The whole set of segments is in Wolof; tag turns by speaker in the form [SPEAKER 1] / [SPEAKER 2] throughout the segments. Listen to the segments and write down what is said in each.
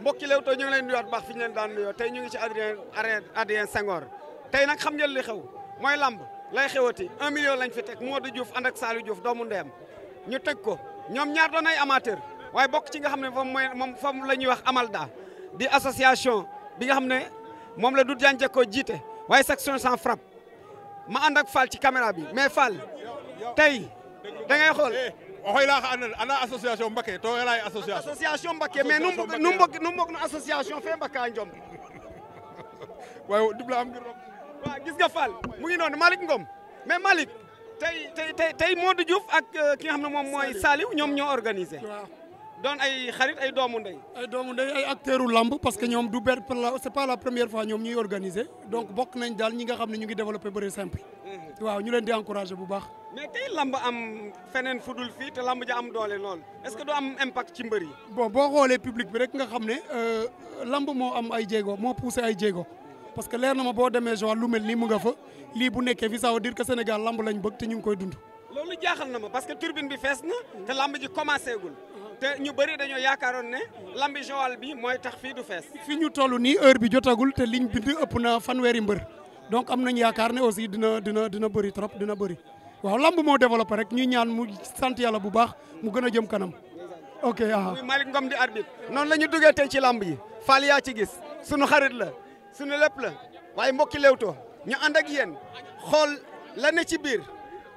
[SPEAKER 1] mbokki Leewtoo ñu ngi leen nuyuwaat baax fi ñu leen daan tey ñu ngi ci Adrien Adrien Senghor tey nag xam ngeen li xew mooy lamb lay xewati un lañ fi teg Modou Diouf ànd ak Saliou Diouf doomu ndeyam ñu teg ko ñoom ñaar doon nay amateur waaye bokk ci nga xam ne moom mooy moom fam la ñuy wax Amalda di association bi nga xam ne moom la du jànje ko jiite waaye section sans frappe ma ànd ak Fall ci caméra bi mais Fall
[SPEAKER 2] tey da ngay xool oxoyla xa andona association Mbake to wela ye association
[SPEAKER 1] association Mbake mais nu mbog no association fe Mbaka Njom waaye dubla am ngir rok gis nga Fall mu ngi noonu Malick Ngom mais Malick tey tey tey Modou Diouf ak euh, ki nga xam ne moom mooy Saliou ñoom ñoo organisé doon ay xarit ay doomu ndey. ay doomu ndey acteuru lamb parce que ñoom du benn c'est pas la première fois ñoom ñuy organiser donc bokk nañ daal ñi nga xam ne ñu ngi développé bëri simple. Mhm. waaw ñu leen di encouragé bu baax. mais tey lamb am feneen fudul fii te lamb ja am doole lool est-ce que du am impact ci mbër yi. bon boo xoolee public bi rek nga xam ne euh, lamb moo am ay jéego moo poussé ay jéego parce que leer na ma boo demee Joal lu mel nii mu nga fa lii bu nekkee fi ça veut dire lamb lañ bëgg te ñu ngi koy dund. loolu jaaxal na ma parce que turbine bi fees na te lamb te ñu bëri dañoo yaakaaroon ne lambi Joal bi mooy tax fii du fees. fi ñu toll nii heure bi jotagul te liñ bind ëpp na fanweeri mbër donc am nañ yaakaar ne aussi dina dina dina bëri trop dina bëri waaw lamb moo développé rek ñuy ñaan mu sant yàlla bu baax mu gën a jëm kanam. ok ah Malick Ngom di arbitre noonu la ñu duggee tey ci làmb yi Fall yaa ci gis sunu xarit la sunu lépp la waaye mbokki Leewtoo ñu ànd ak yéen xool la ne ci biir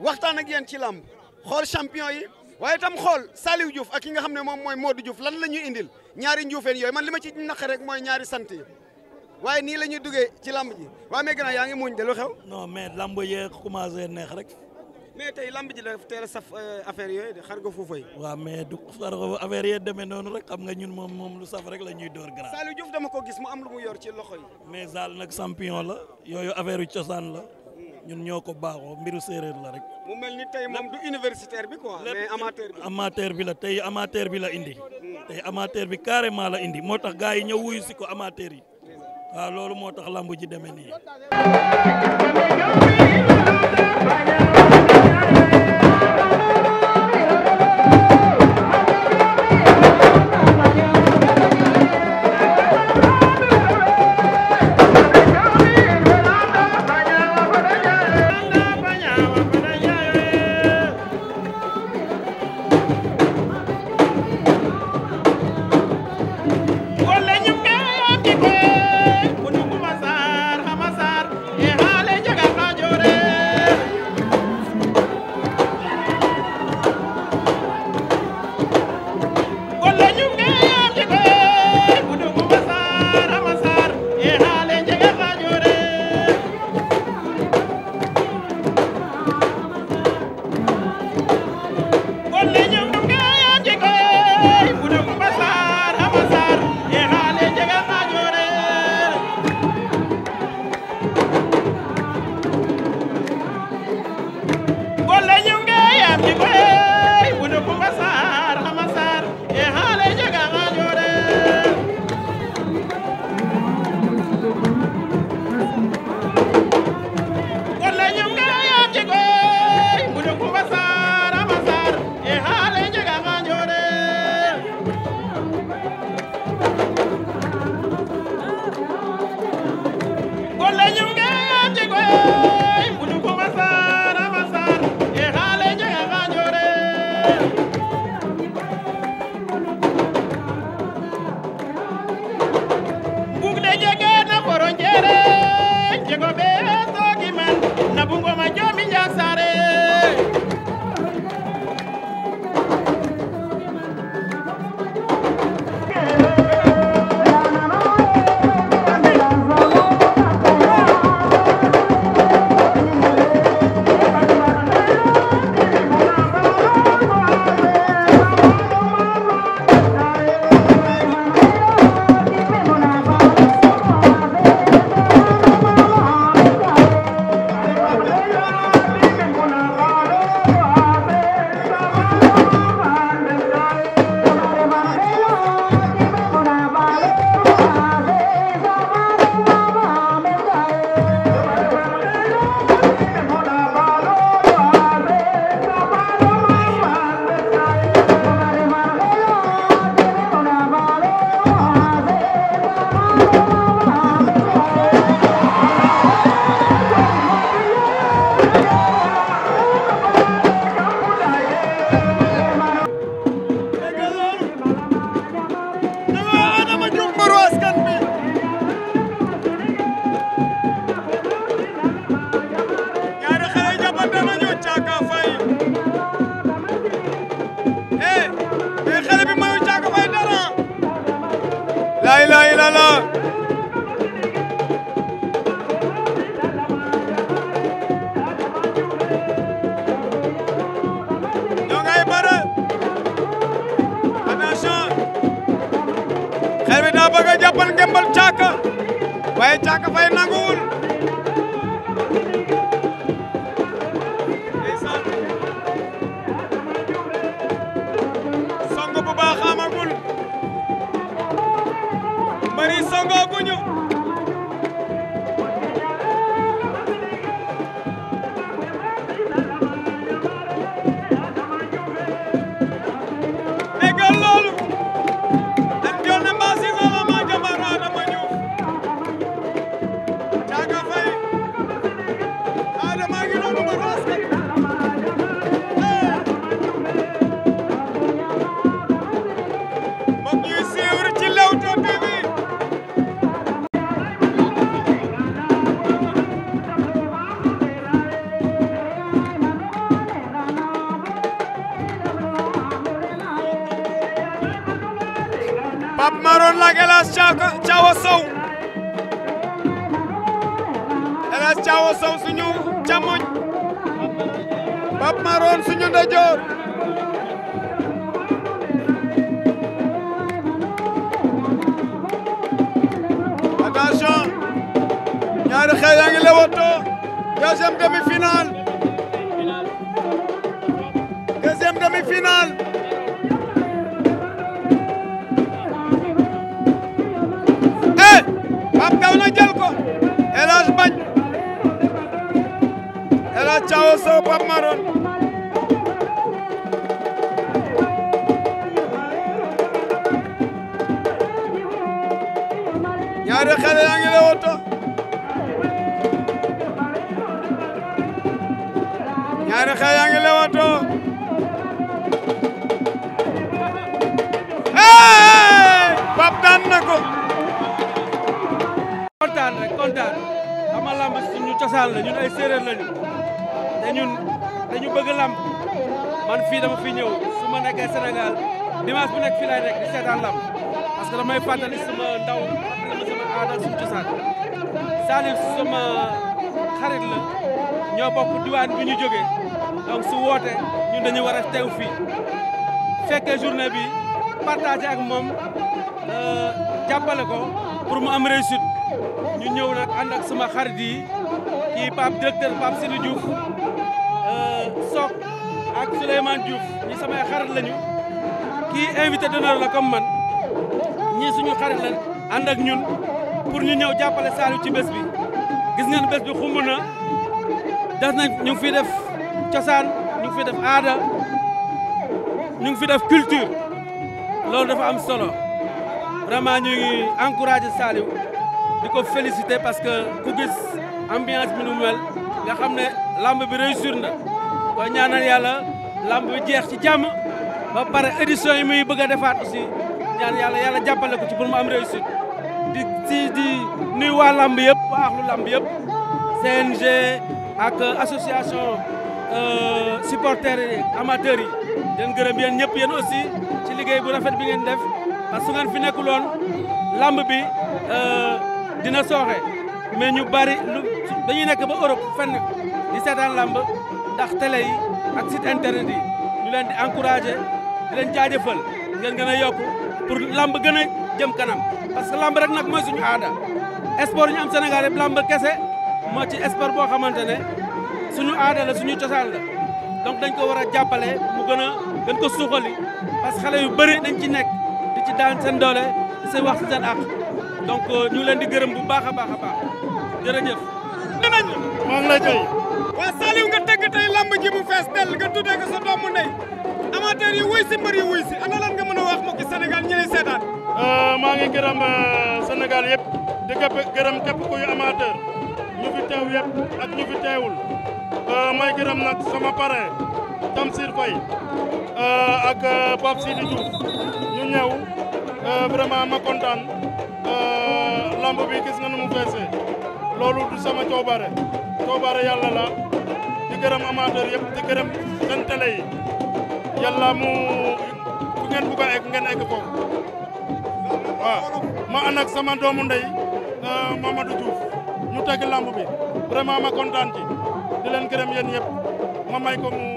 [SPEAKER 1] waxtaan ak yéen ci lamb xool champion yi. waaye itam xool Saliou Diouf ak ki nga xam ne moom mooy Modou Diouf lan la ñuy indil ñaari njuufeen yooyu man li ma ci naq rek mooy ñaari sant yi waaye nii la ñuy duggee ci làmb ji waaye mais gannaaw yaa ngi muñ de lu xew. non mais lamb yee commencé neex rek. mais tey lamb ji daf teel a saf euh, affaire yooyu de xar nga fuufa yi. waaw mais du xar yee demee noonu rek xam nga ñun moom moom lu saf rek la ñuy door grand. Saliou Diouf dama ko gis mu am lu mu yor ci loxo yi. mais Zal nag champion la yooyu affaire yu cosaan la. ñun ñoo ko baaxoo mbiru séeréer la rek. mu mel ni tey moom du universitaire bi quoi. mais
[SPEAKER 2] amateur bi la tey amateur bi la indi. tey amateur bi carrément la indi moo tax gars yi ñëw wuyu si ko amateur yi waaw loolu moo tax lamb ji demee nii.
[SPEAKER 1] Thiaw Sow suñu càmmoñ Pape Maroon suñu ndeyjoor attention ñaari xel yaa ngi lewatoo deuxième demi-finale deuxième demi-finale Mayo Sow Pape Maron ñaari xale yaa ngi lewoto ñaari xale yaa ngi
[SPEAKER 2] lewoto hey Pape daan na ko kontaan rek kontaan ama lama suñu cosaan la ñun ay séeréer lañu te ñu dañu bëgg lamb man fii dama fi ñëw su ma nekkee Sénégal dimanche bu nekk fii laay nekk di seetaan lamb parce que damay fàttali sama ndaw fàttali sama aada suñu cosaan Salif sama xarit la ñoo bokk diwaan bi ñu jógee donc su woote ñun dañu war a teew fii fekkee journée bi partagé ak moom euh, jàppale ko pour mu am ñu ñëw nag ànd ak xarit yi kii Pape directeur Pape Sidi Diouf Euh, Sock ak Souleymane Diouf ñi samay xarit lañu kii invité d'honneur la comme man ñii suñu xarit la ànd ak ñun pour ñu ñëw jàppale Saliou ci bés bi gis ngeen bés bi xumb na def nañ ñu fi def cosaan ñu fi def aada ñu ngi fi def culture loolu dafa am solo vraiment ñu ngi encouragé Saliou di ko féliciter parce que ku gis ambiance bi nu mel nga xam ne lamb bi réussir na ko ñaanal yàlla lamb bi jeex ci jàmm ba pare édition yi muy bëgg a defaat aussi ñaan yàlla yàlla jàppale ko ci mu am réussite di si di nuyu waa lamb yëpp waa axlu lamb yëpp CNG ak association euh, supporters yi amateurs yi den gërëm yéen ñëpp yéen aussi ci liggéey bu rafet bi ngeen def parce que ngeen fi nekkuloon lamb bi euh, dina sooxe mais ñu bari lu dañuy nekk ba Europe fenn di seetaan làmb ndax télé yi ak site internet yi ñu leen di encouragé di leen jaajëfal ngeen gën a yokk pour lamb gën a jëm kanam parce que làmb rek nag mooy suñu aada sport ñu am Sénégal yëpp làmb kese moo ci sport boo xamante ne suñu aada la suñu cosaan la donc dañ ko war a jàppale mu gën a gën ko suuxali parce xale yu bëri dañ ci nekk di ci daan seen doole di seen wax seen ak donc euh, ñu leen di gërëm bu baax a baax a baax jërëjëf.
[SPEAKER 1] nañu. maa ngi lay jëy.
[SPEAKER 2] waa Saliou nga tëgg tey lamb ji mu fees dell nga
[SPEAKER 1] tuddee ko sa doomu yi wuy si mbër yi wuy si ana nga mën a wax mbokki Sénégal ñi lay seetaan.
[SPEAKER 2] Euh, maa ngi gërëm euh, Sénégal yëpp di gërëm képp kuy ñu fi teew yëpp ak ñu fi teewul euh, may gërëm nag sama Tamsir Faye ak Pape Sidi Diouf ñu ñëw vraiment ma kontaan bi gis nga nu mu feesee. loolu du sama coobare coobare yàlla la di gërëm amateur yëpp di gërëm seen télé mu fu ngeen bugg a egg ngeen egg ma ànd sama doomu ndey euh, Mamadou Diouf ñu teg lamb bi vraiment ma kontaan ci di leen gërëm yéen yëpp ma may ko mu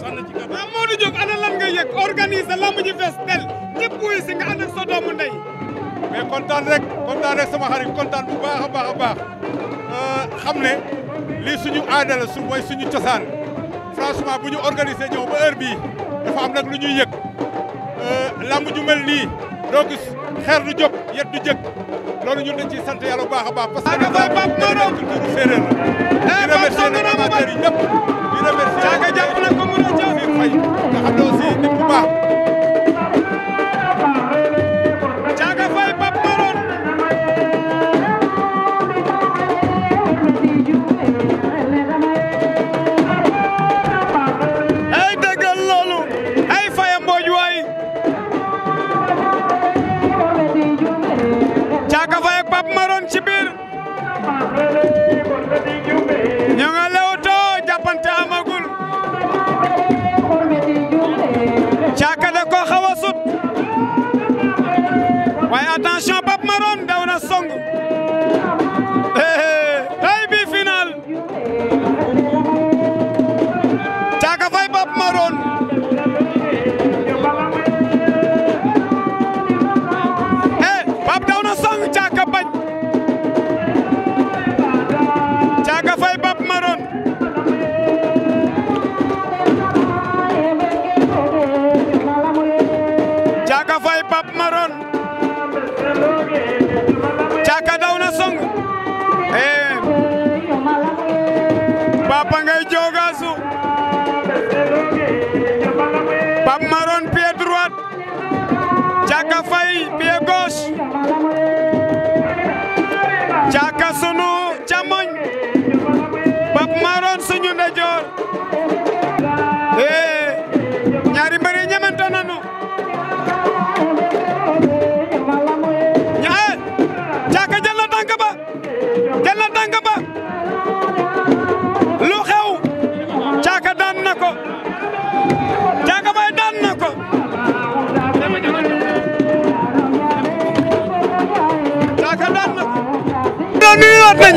[SPEAKER 2] sànni ci kàddu. waaw Mamadou Diouf ana lan nga yëg organiser lamb ji fees tel si nga ànd ak ndey. mais kontaan rek kontaan rek sama xarit kontaan bu baax a baax a baax euh, xam ne lii suñu aada la su mooy suñu cosaan franchement bu ñu organisé ñëw ba heure bii dafa am nag lu ñuy yëg euh, lamb ju mel nii doo gis xeer du jóg yet du jëkk loolu ñun dañ ciy sant yàlla bu baax a baax. parce que dafa a séeréer la. Eh, di remercier nag amateurs yi ñëpp di remercier. jaaka jàpp na ko mën a jël fay xam ne aussi nit bu baax.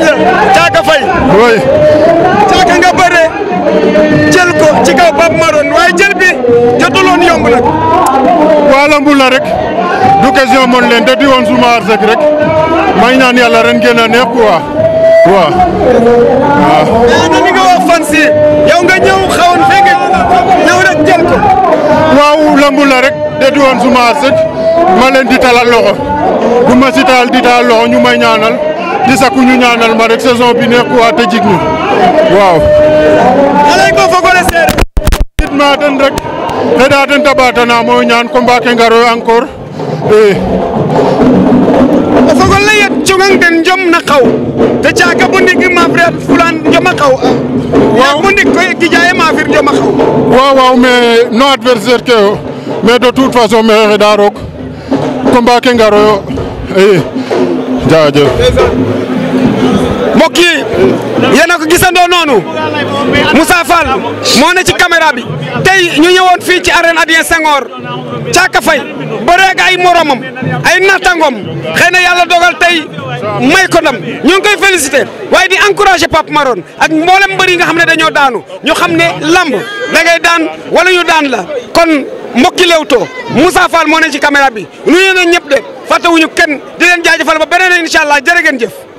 [SPEAKER 1] kañ la Caaka Faye. oui. nga bëre jël ko ci kaw Pape Maroon waaye jël bi jotuloon yomb nag. waa lambul la rek du
[SPEAKER 2] question mon leen te di woon suma arsek rek may ñaan yàlla ren gën a neex quoi waaw.
[SPEAKER 1] waaw.
[SPEAKER 2] mais ni nga wax fan si yow nga ñëw xawoon fekk ñëw jël ko. waaw lambul la rek te di woon suma arsek ma leen di talal loxo bu ma si taal loxo ñu may ñaanal. di sakku ñu ma rek saison bi neex ku waa te jig ñu waaw alay ko fogole seere it ma den rek heɗa den tabatana mo ñaan combat ke ngaroyo encore i
[SPEAKER 1] eh. o fogole yet cungang den jom na xaw te caaga bu ndig maaf re fulaan jom a xaw waaw bu ndig koy gijaye maafir jom a xaw
[SPEAKER 2] waaw waaw mais adversaire ke yo mais de toute façon maxey xeɗa roog combat ke ngaroyo i eh. jaajëf.
[SPEAKER 1] mbokk yi yéen a ko gisandoo noonu Moussa Fall moo ne ci caméra bi tey ñu ñëwoon fii ci arène Adrien Senghor Caaka Faye bëreeg ay moromam ay nattangoom xëy na yàlla dogal tey may ko ndam ñu ngi koy féliciter waaye di encourager Pape Maroon ak mboolem mbër yi nga xam ne dañoo daanu ñu xam ne lamb da daan wala ñu daan la kon. mbokki Leewtoo Moussa Fall moo ne ci caméra bi nuyu na ñëpp de ñu kenn di leen jaajëfal ba beneen incha allah jërë ngeen jëf.